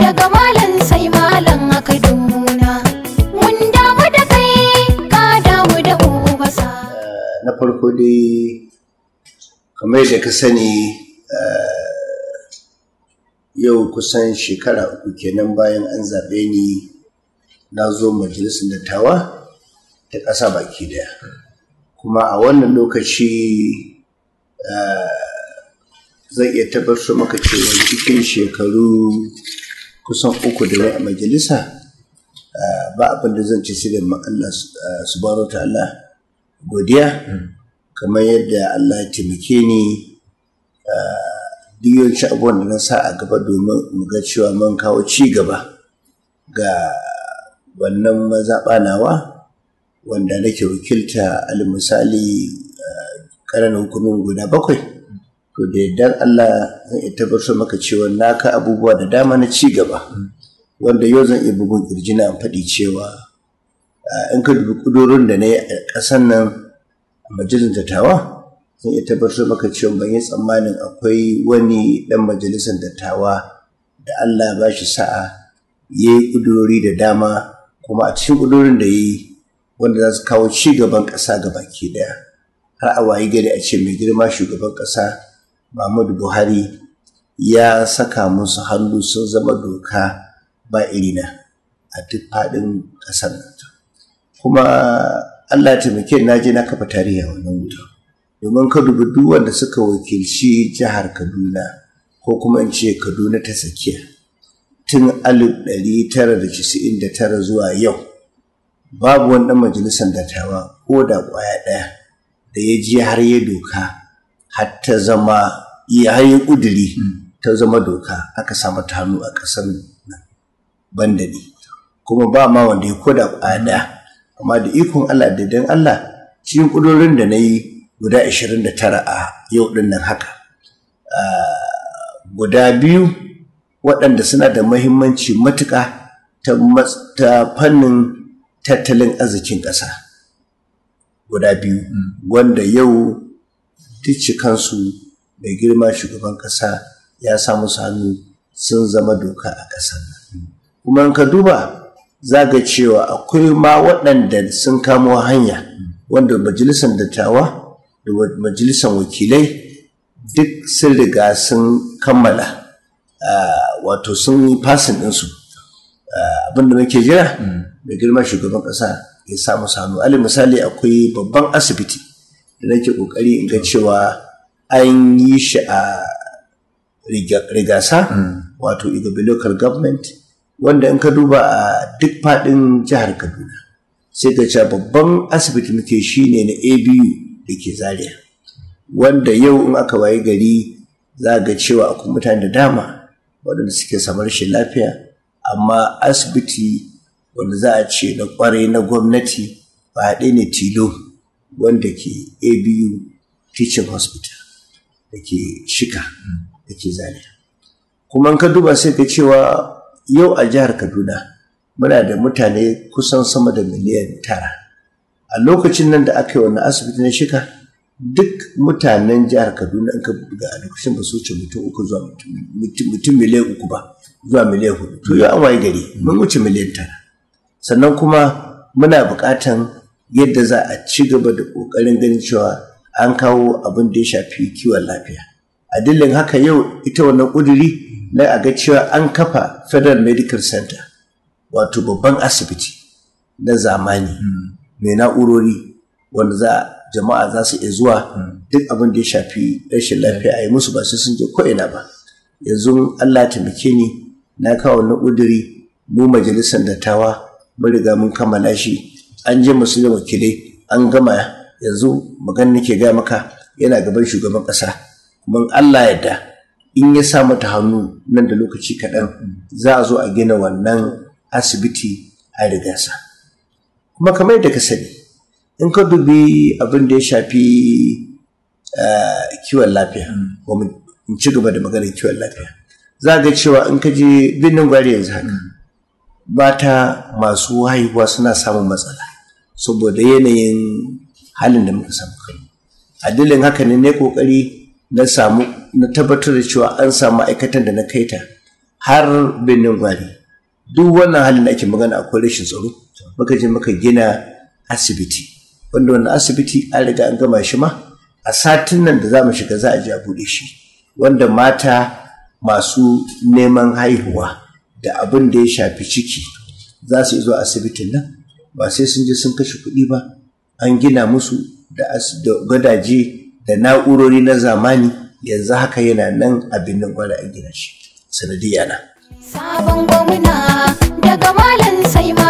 daga malam sai malam na farko dai kamar da ka sani eh, yau kusan shekara uku kenan bayan an zaɓe ni na zo majalisar dattawa ta ƙasa baki daya kuma a wannan lokaci eh, zai iya tabbatar maka cewa cikin shekaru kusan uku da wai a majalisa ah, ba abin da zan ci sai da Allah ah, subhanahu ta'ala godiya hmm. kamar yadda Allah ya taimake ni ah, duk yawanci abubuwan da na sa a gaba domin mu ga cewa mun kawo ci gaba ga wannan mazaɓa nawa wanda nake wakilta al misali ƙananan hukumin guda bakwai to da yardar Allah zan iya tabbatar maka cewa na ka abubuwa da dama na ci gaba wanda yau zan iya bugun kirji na faɗi cewa in ka dubi kudurin da na yi a ƙasan nan a majalisar dattawa zan iya tabbatar maka cewa ban yi tsammanin akwai wani ɗan majalisar dattawa da Allah ba shi sa'a ya yi kudurori da dama kuma a cikin kudurin da ya yi wanda za su kawo ci gaban ƙasa ga baki ɗaya har a wayi gari a ce mai girma shugaban ƙasa Muhammadu Buhari ya saka musu hannu sun zama doka ba irina a duk faɗin ƙasar kuma Allah taimake na je na kafa tarihi wannan wuta domin ka dubi duk wanda suka wakilci jihar Kaduna ko kuma in ce Kaduna ta tsakiya tun 1999 zuwa yau babu wannan majalisar dattawa ko da ƙwaya ɗaya da ya ji har ya doka Hatta zama zama yayin ƙuduri ta zama doka aka samu ta hannu a ƙasar nan kuma ba ma wanda ya koda ƙwada amma da ikon Allah da dan Allah cikin ƙudurin da na yi guda 29 a yau ɗin nan haka ah, guda biyu waɗanda suna da mahimmanci matuƙa ta fannin tattalin arzikin ƙasa guda biyu wanda yau ticci kansu mai girma shugaban kasa ya samu hannu sun zama doka a ƙasar nan kuma ka duba za ga cewa akwai ma waɗanda sun kamo hanya wanda majalisar dattawa da majalisar wakilai duk sun riga sun kammala wato sun yi fasin ɗinsu abinda muke jira hmm. mai girma shugaban ƙasa ya samu sanu alin misali akwai babban asibiti da nake kokari in ga cewa an yi shi a rigasa wato igabi local government wanda in ka duba a duk faɗin jihar kaduna sai ka cewa babban asibiti muke shi ne na abu da ke zaria wanda yau in aka waye gari za ga cewa akwai mutane da dama waɗanda suke samar shi lafiya amma asibiti wanda za a ce na kwarai na gwamnati ba ɗaya ne tilo wanda ke abu teaching hospital da ke shika da ke zaria kuma ka duba sai ka cewa yau a jihar kaduna muna da mutane kusan sama da miliyan tara a lokacin nan da aka yi wani asibiti na shika duk mutanen jihar kaduna in ka buga a lokacin ba su wuce mutum uku zuwa mutum miliyan uku ba zuwa miliyan hudu to yau an waye gari mun wuce miliyan tara sannan kuma muna buƙatan yadda za a ci gaba da ƙoƙarin ganin cewa an kawo abin da ya shafi kiwon lafiya a dillin haka yau ita wannan ƙuduri na a ga cewa an kafa federal medical center wato babban asibiti na zamani hmm. mai na'urori wanda za jama'a za su iya zuwa hmm. duk abin da ya shafi rashin lafiya a yi musu ba su sun je ko'ina ba yanzu allah taimake ni na kawo na ƙuduri mu majalisar dattawa mun riga mun kammala shi an je masu da wakilai an gama yanzu magan nake gaya maka yana gaban shugaban ƙasa kuma Allah yadda in ya sa mata hannu nan da lokaci kaɗan za a zo a gina wannan asibiti a rigasa kuma kamar da ka sani in ka dubi abin da ya shafi eh, kiwon lafiya in ci gaba da maganar kiwon lafiya za ga cewa in ka je birnin gwari yanzu haka mata masu haihuwa suna samun matsala saboda yanayin halin da muka samu kai a dalilin haka ne ne kokari na samu na tabbatar da cewa an samu ma'aikatan da na kai ta har birnin gwari duk wannan halin da ake magana akwai rashin tsaro muka je muka gina asibiti wanda wannan asibiti an riga an gama shi ma a satin nan da za mu shiga za a je a buɗe shi wanda mata masu neman haihuwa da abin da ya shafi ciki za su zo asibitin nan ba sai sun je sun kashe kuɗi ba an gina musu da gadaje da na'urori na zamani yanzu haka yana nan a birnin gwada an gina shi sanadiyana. Sabon gwamna daga malam sai